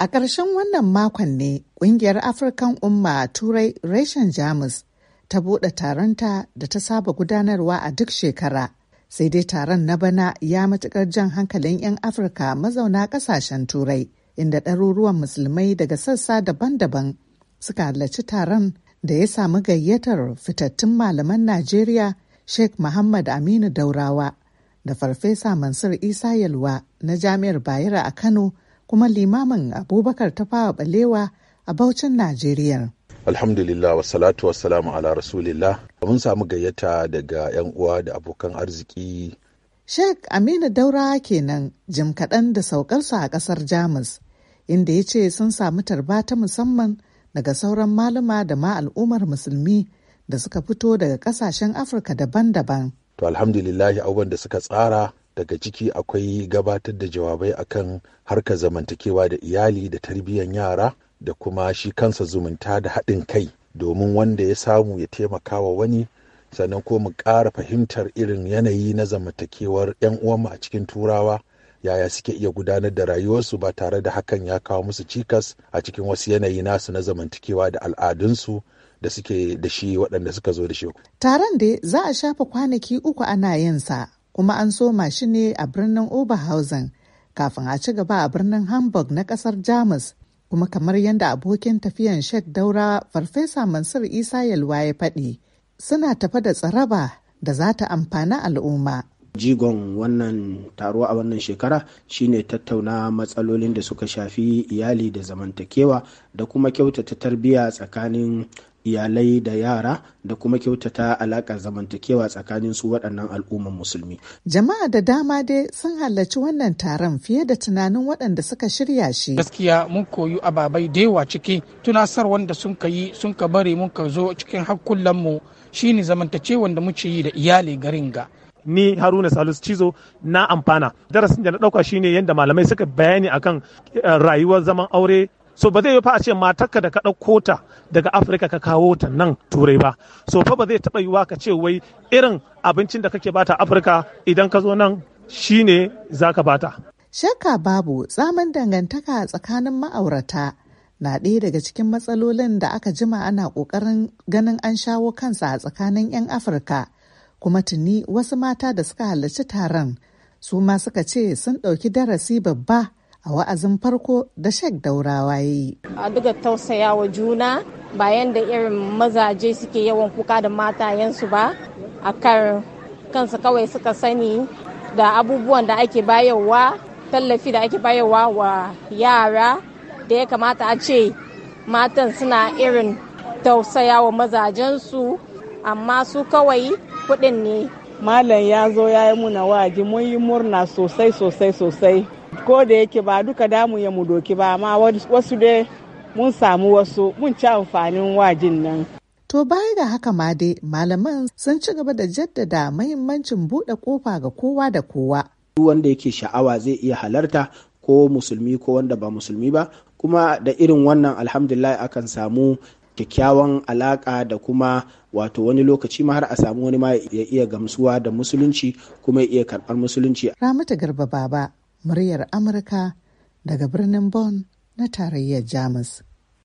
A ƙarshen wannan makon ne ƙungiyar Afirkan Umma Turai reshen Jamus ta buɗe taronta da ta saba gudanarwa a duk shekara. Sai dai taron na bana ya matuƙar jan hankalin 'yan Afirka mazauna ƙasashen Turai, inda ɗaruruwan musulmai daga sassa daban-daban suka halarci taron da ya samu gayyatar fitattun malaman Najeriya Sheikh Muhammad Aminu Daurawa da Farfesa Mansur Isa Yalwa na Jami'ar Bayero a Kano. kuma limamin abubakar ta fara balewa a Bauchin Najeriya. Alhamdulillah wa salatu wa salamu ala rasulillah. Mun samu gayyata daga 'yan uwa da abokan arziki. Sheikh Aminu Daura kenan jim kaɗan da saukarsa a ƙasar Jamus, inda ya ce sun samu tarba ta musamman daga sauran malama da ma al'ummar musulmi da suka fito daga ƙasashen Afirka daban-daban. To alhamdulillahi abubuwan da suka tsara daga ciki akwai gabatar da jawabai akan harkar zamantakewa da iyali da tarbiyyar yara da kuma shi kansa zumunta da haɗin kai domin wanda ya samu ya taimaka wa wani sannan ko mu ƙara fahimtar irin yanayi na zamantakewar 'yan uwanmu a cikin turawa yaya suke iya gudanar da rayuwarsu ba tare da hakan ya kawo musu cikas a cikin wasu yanayi nasu na zamantakewa da al'adunsu da suke da shi waɗanda suka zo da shi. Taron da za a shafa kwanaki uku ana yinsa kuma an soma shi ne a birnin Oberhausen kafin a ci gaba a birnin Hamburg na kasar Jamus kuma kamar yadda abokin tafiyan Sheikh Daura Farfesa Mansur Isa Yalwa ya faɗi suna tafa da tsaraba da za ta amfani al'umma. jigon wannan taro a wannan shekara shine tattauna matsalolin da suka shafi iyali da zamantakewa da kuma kyautata tarbiyya tsakanin iyalai da yara da kuma kyautata alaƙar zamantakewa tsakanin su waɗannan al'umman musulmi. Jama'a da dama dai sun halarci wannan taron fiye da tunanin waɗanda suka shirya shi. Gaskiya mun koyi ababai da yawa ciki tunasar wanda sun ka yi sun ka bari mun ka zo cikin mu shine zamantakewan da muke yi da iyali garin ga. ni haruna salisu cizo na amfana darasin da na ɗauka shine yadda malamai suka bayani akan eh, rayuwar zaman aure so ba zai yi fa ce matarka da ka ɗauko ta daga afirka ka kawo ta nan turai ba so fa ba zai taɓa yiwa ka ce wai irin abincin da kake bata afirka idan ka zo nan shine za ka bata shakka babu tsamin dangantaka tsakanin ma'aurata na ɗaya daga cikin matsalolin da aka jima ana ƙoƙarin ganin an shawo kansa a tsakanin 'yan afirka kuma tuni wasu mata da suka halarci taron su ma suka ce sun ɗauki darasi babba a wa'azin farko da shek daurawa ya yi. A duka tausaya wa juna bayan da irin mazaje suke yawan kuka da matayensu ba a kan kansu kawai suka sani da abubuwan da ake bayarwa tallafi da ake bayarwa wa yara da ya kamata a ce matan suna irin tausaya wa mazajensu amma su kawai kudin ne. Malam ya zo ya yi muna mun yi murna sosai sosai sosai ko da yake ba duka damu ya mu doki ba amma wasu dai mun samu wasu mun ci amfanin wajin nan. To baya ga haka ma dai malaman sun ci gaba da jaddada mahimmancin buɗe kofa ga kowa da kowa. Duk wanda yake sha'awa zai iya halarta ko musulmi ko wanda ba musulmi ba kuma da irin wannan alhamdulillah akan samu kyakkyawan alaka da kuma wato wani lokaci ma har a samu wani ma ya iya gamsuwa da musulunci kuma ya iya karɓar musulunci. Ramata Garba Baba muryar Amurka daga birnin Bonn na tarayyar Jamus.